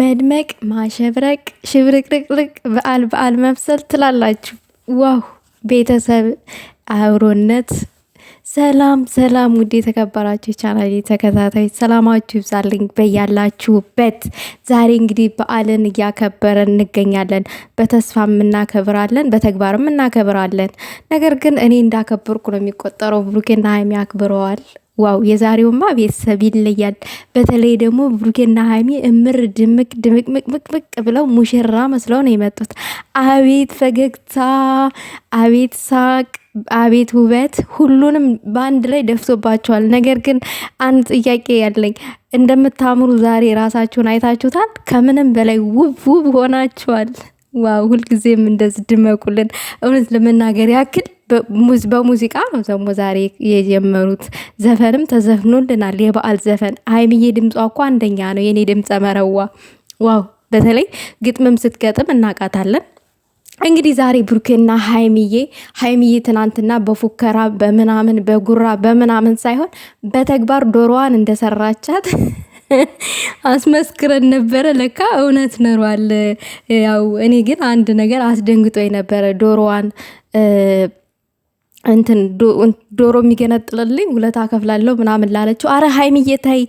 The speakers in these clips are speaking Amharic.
መድመቅ ማሸብረቅ ሽብርቅርቅርቅ በዓል በዓል መብሰል ትላላችሁ። ዋው ቤተሰብ አብሮነት ሰላም ሰላም ውድ የተከበራችሁ ቻናል ተከታታዮች ሰላማችሁ ይብዛልኝ በያላችሁበት። ዛሬ እንግዲህ በዓልን እያከበረን እንገኛለን። በተስፋም እናከብራለን፣ በተግባርም እናከብራለን። ነገር ግን እኔ እንዳከበርኩ ነው የሚቆጠረው። ብሩኬና ሀይሚ አክብረዋል። ዋው የዛሬውማ ቤተሰብ ይለያል። በተለይ ደግሞ ብሩኬና ሀይሚ እምር ድምቅ ምቅምቅምቅ ብለው ሙሽራ መስለው ነው የመጡት። አቤት ፈገግታ፣ አቤት ሳቅ፣ አቤት ውበት ሁሉንም በአንድ ላይ ደፍቶባቸዋል። ነገር ግን አንድ ጥያቄ ያለኝ እንደምታምሩ ዛሬ ራሳችሁን አይታችሁታል? ከምንም በላይ ውብ ውብ ሆናችኋል። ዋው ሁልጊዜም እንደዚህ ድመቁልን። እውነት ለመናገር ያክል በሙዚቃ ነው ደግሞ ዛሬ የጀመሩት። ዘፈንም ተዘፍኖልናል። የበዓል ዘፈን ሀይምዬ ድምጿ እኮ አንደኛ ነው። የኔ ድምፀ መረዋ ዋው! በተለይ ግጥምም ስትገጥም እናቃታለን። እንግዲህ ዛሬ ብሩኬና ሀይምዬ ሀይምዬ ትናንትና በፉከራ በምናምን በጉራ በምናምን ሳይሆን በተግባር ዶሮዋን እንደሰራቻት አስመስክረን ነበረ። ለካ እውነት ኖሯል። ያው እኔ ግን አንድ ነገር አስደንግጦ የነበረ ዶሮዋን እንትን ዶሮ የሚገነጥልልኝ ውለታ ከፍላለሁ ምናምን ላለችው፣ አረ ሀይሚዬ ተይ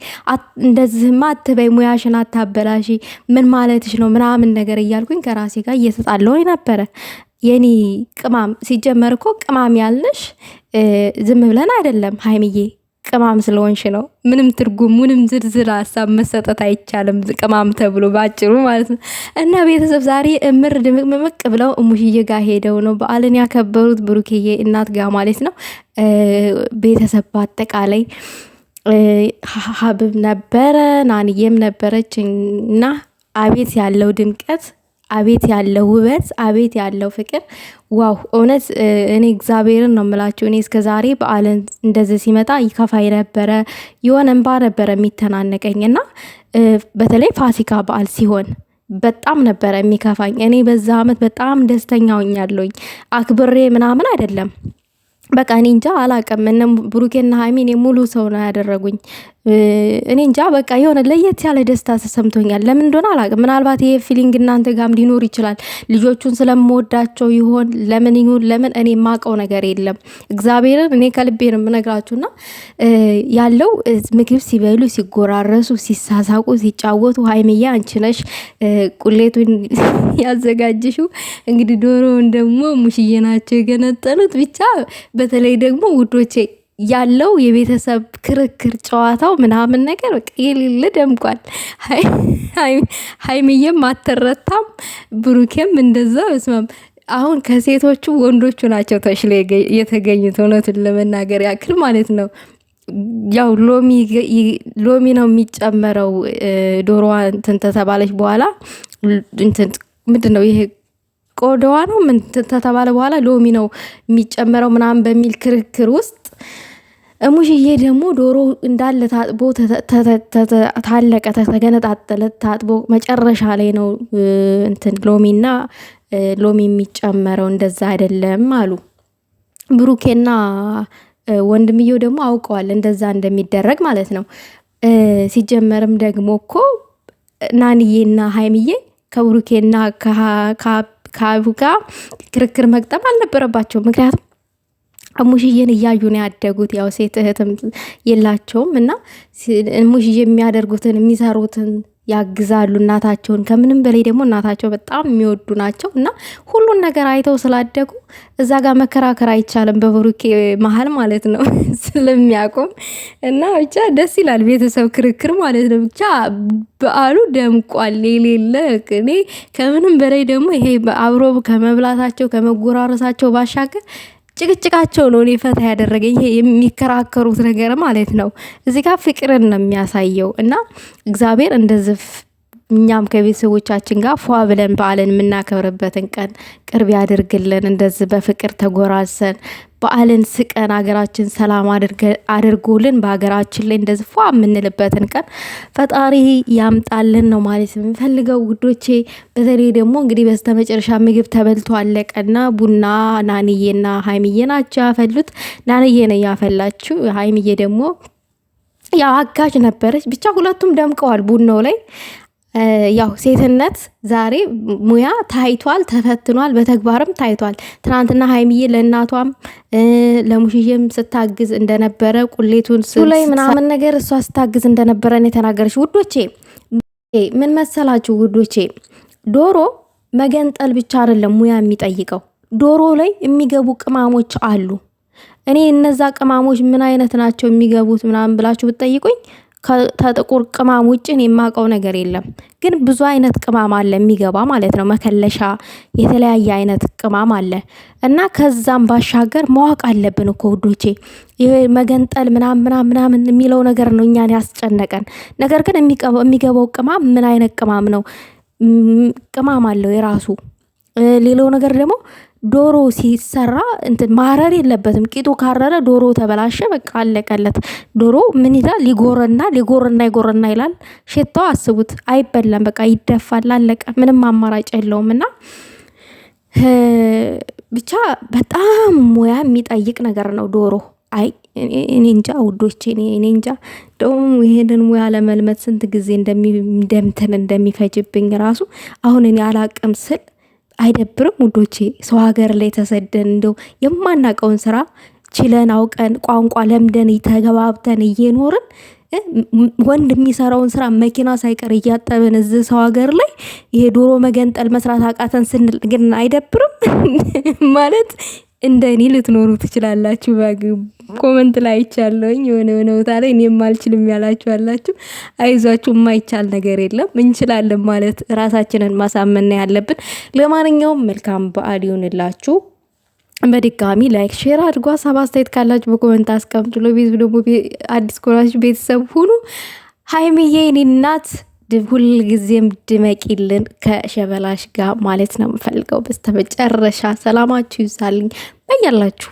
እንደዚህማ አትበይ፣ ሙያሽን አታበላሽ፣ ምን ማለትሽ ነው ምናምን ነገር እያልኩኝ ከራሴ ጋር እየተጣለሁኝ ነበረ። የኔ ቅማም ሲጀመር እኮ ቅማም ያልንሽ ዝም ብለን አይደለም ሀይምዬ ቅማም ስለሆንሽ ነው። ምንም ትርጉም ምንም ዝርዝር ሀሳብ መሰጠት አይቻልም። ቅማም ተብሎ ባጭሩ ማለት ነው። እና ቤተሰብ ዛሬ እምር ድምቅ ብለው እሙሽዬ ጋር ሄደው ነው በዓልን ያከበሩት ብሩክዬ እናት ጋር ማለት ነው። ቤተሰብ በአጠቃላይ ሀብብ ነበረ ናንዬም ነበረች እና አቤት ያለው ድምቀት አቤት ያለው ውበት፣ አቤት ያለው ፍቅር፣ ዋው! እውነት እኔ እግዚአብሔርን ነው የምላችሁ። እኔ እስከ ዛሬ በዓልን እንደዚህ ሲመጣ ይከፋኝ ነበረ፣ የሆነ እንባ ነበረ የሚተናነቀኝ እና በተለይ ፋሲካ በዓል ሲሆን በጣም ነበረ የሚከፋኝ። እኔ በዛ ዓመት በጣም ደስተኛ ሆኛለሁኝ። አክብሬ ምናምን አይደለም በቃ እኔ እንጃ አላቅም። እነ ብሩኬና ሀይሜ ሙሉ ሰው ነው ያደረጉኝ። እኔ እንጃ በቃ የሆነ ለየት ያለ ደስታ ተሰምቶኛል። ለምን እንደሆነ አላውቅም። ምናልባት ይሄ ፊሊንግ እናንተ ጋም ሊኖር ይችላል። ልጆቹን ስለምወዳቸው ይሆን ለምን ይሁን ለምን እኔ የማውቀው ነገር የለም። እግዚአብሔርን እኔ ከልቤ ነው የምነግራችሁና ያለው ምግብ ሲበሉ፣ ሲጎራረሱ፣ ሲሳሳቁ፣ ሲጫወቱ ሀይምዬ አንቺ ነሽ ቁሌቱን ያዘጋጅሹ። እንግዲህ ዶሮውን ደግሞ ሙሽዬ ናቸው የገነጠሉት። ብቻ በተለይ ደግሞ ውዶቼ ያለው የቤተሰብ ክርክር ጨዋታው ምናምን ነገር በቃ የሌለ ደምቋል። ሀይሚዬም አትረታም፣ ብሩኬም እንደዛ በስማም አሁን ከሴቶቹ ወንዶቹ ናቸው ተሽሎ የተገኙት እውነቱን ለመናገር ያክል ማለት ነው። ያው ሎሚ ነው የሚጨመረው ዶሮዋ እንትን ተተባለች በኋላ ምንድን ነው ይሄ ቆዳዋ ነው ምን ተተባለ በኋላ ሎሚ ነው የሚጨመረው ምናምን በሚል ክርክር ውስጥ እሙሽዬ ደግሞ ዶሮ እንዳለ ታጥቦ ታለቀ፣ ተገነጣጠለ፣ ታጥቦ መጨረሻ ላይ ነው እንትን ሎሚና ሎሚ የሚጨመረው እንደዛ አይደለም አሉ ብሩኬና ወንድምየው ደግሞ አውቀዋል እንደዛ እንደሚደረግ ማለት ነው። ሲጀመርም ደግሞ እኮ ናንዬና ሀይምዬ ከብሩኬና ከአቡ ጋር ክርክር መግጠም አልነበረባቸው ምክንያቱም ሙሽዬን እያዩ ነው ያደጉት። ያው ሴት እህትም የላቸውም እና ሙሽዬ የሚያደርጉትን የሚሰሩትን ያግዛሉ እናታቸውን። ከምንም በላይ ደግሞ እናታቸው በጣም የሚወዱ ናቸው እና ሁሉን ነገር አይተው ስላደጉ እዛ ጋር መከራከር አይቻልም፣ በብሩኬ መሀል ማለት ነው ስለሚያቆም እና ብቻ ደስ ይላል። ቤተሰብ ክርክር ማለት ነው። ብቻ በዓሉ ደምቋል የሌለ እኔ ከምንም በላይ ደግሞ ይሄ አብሮ ከመብላታቸው ከመጎራረሳቸው ባሻገር ጭቅጭቃቸው ነው እኔ ፈታ ያደረገኝ። ይሄ የሚከራከሩት ነገር ማለት ነው። እዚህ ጋር ፍቅርን ነው የሚያሳየው እና እግዚአብሔር እንደዚህ እኛም ከቤተሰቦቻችን ጋር ፏ ብለን በዓልን የምናከብርበትን ቀን ቅርብ ያድርግልን። እንደዚህ በፍቅር ተጎራዘን በዓልን ስቀን ሀገራችን ሰላም አድርጎልን በሀገራችን ላይ እንደዚ ፏ የምንልበትን ቀን ፈጣሪ ያምጣልን ነው ማለት የምንፈልገው ውዶቼ። በተለይ ደግሞ እንግዲህ በስተመጨረሻ ምግብ ተበልቶ አለቀና ቡና ናንዬና ሀይምዬ ናቸው ያፈሉት። ናንዬ ነው ያፈላችው። ሀይምዬ ደግሞ ያው አጋዥ ነበረች። ብቻ ሁለቱም ደምቀዋል ቡናው ላይ ያው ሴትነት ዛሬ ሙያ ታይቷል፣ ተፈትኗል፣ በተግባርም ታይቷል። ትናንትና ሀይሚዬ ለእናቷም ለሙሽዬም ስታግዝ እንደነበረ ቁሌቱን ላይ ምናምን ነገር እሷ ስታግዝ እንደነበረ ነው የተናገረች። ውዶቼ ምን መሰላችሁ ውዶቼ፣ ዶሮ መገንጠል ብቻ አይደለም ሙያ የሚጠይቀው ዶሮ ላይ የሚገቡ ቅማሞች አሉ። እኔ እነዛ ቅማሞች ምን አይነት ናቸው የሚገቡት ምናምን ብላችሁ ብትጠይቁኝ ከጥቁር ቅማም ውጭ እኔ የማውቀው ነገር የለም። ግን ብዙ አይነት ቅማም አለ የሚገባ ማለት ነው። መከለሻ፣ የተለያየ አይነት ቅማም አለ እና ከዛም ባሻገር ማወቅ አለብን እኮ ውዶቼ። ይሄ መገንጠል ምናምን ምናምን ምናምን የሚለው ነገር ነው እኛን ያስጨነቀን ነገር። ግን የሚገባው ቅማም ምን አይነት ቅማም ነው? ቅማም አለው የራሱ ሌላው ነገር ደግሞ ዶሮ ሲሰራ እንትን ማረር የለበትም። ቂጡ ካረረ ዶሮ ተበላሸ፣ በቃ አለቀለት። ዶሮ ምን ይላል? ሊጎረና ሊጎረና ይጎረና ይላል። ሸታው አስቡት፣ አይበላም፣ በቃ ይደፋል፣ አለቀ። ምንም አማራጭ የለውም እና ብቻ በጣም ሙያ የሚጠይቅ ነገር ነው ዶሮ። አይ እኔ እንጃ ውዶቼ፣ እኔ እንጃ ደግሞ ይሄንን ሙያ ለመልመድ ስንት ጊዜ እንደሚደምትን እንደሚፈጅብኝ ራሱ አሁን እኔ አላቅም ስል አይደብርም ውዶቼ? ሰው ሀገር ላይ ተሰደን እንደው የማናቀውን ስራ ችለን አውቀን ቋንቋ ለምደን ተገባብተን እየኖርን ወንድ የሚሰራውን ስራ መኪና ሳይቀር እያጠብን እዚህ ሰው ሀገር ላይ ይሄ ዶሮ መገንጠል መስራት አቃተን ስንል ግን አይደብርም? ማለት እንደኔ ልትኖሩ ትችላላችሁ። ኮመንት ላይ አይቻለሁኝ። የሆነ የሆነ ቦታ ላይ እኔም አልችልም ያላችሁ አላችሁ። አይዟችሁ፣ የማይቻል ነገር የለም። እንችላለን ማለት ራሳችንን ማሳመን ያለብን። ለማንኛውም መልካም በዓል ይሁንላችሁ። በድጋሚ ላይክ፣ ሼር አድርጓ ሀሳብ አስተያየት ካላችሁ በኮመንት አስቀምጥሎ ቤት ደግሞ አዲስ ኮራች ቤተሰብ ሁኑ። ሀይሚዬ የኔ እናት ሁል ጊዜም ድመቂልን ከሸበላሽ ጋር ማለት ነው የምፈልገው። በስተመጨረሻ ሰላማችሁ ይዛልኝ በያላችሁ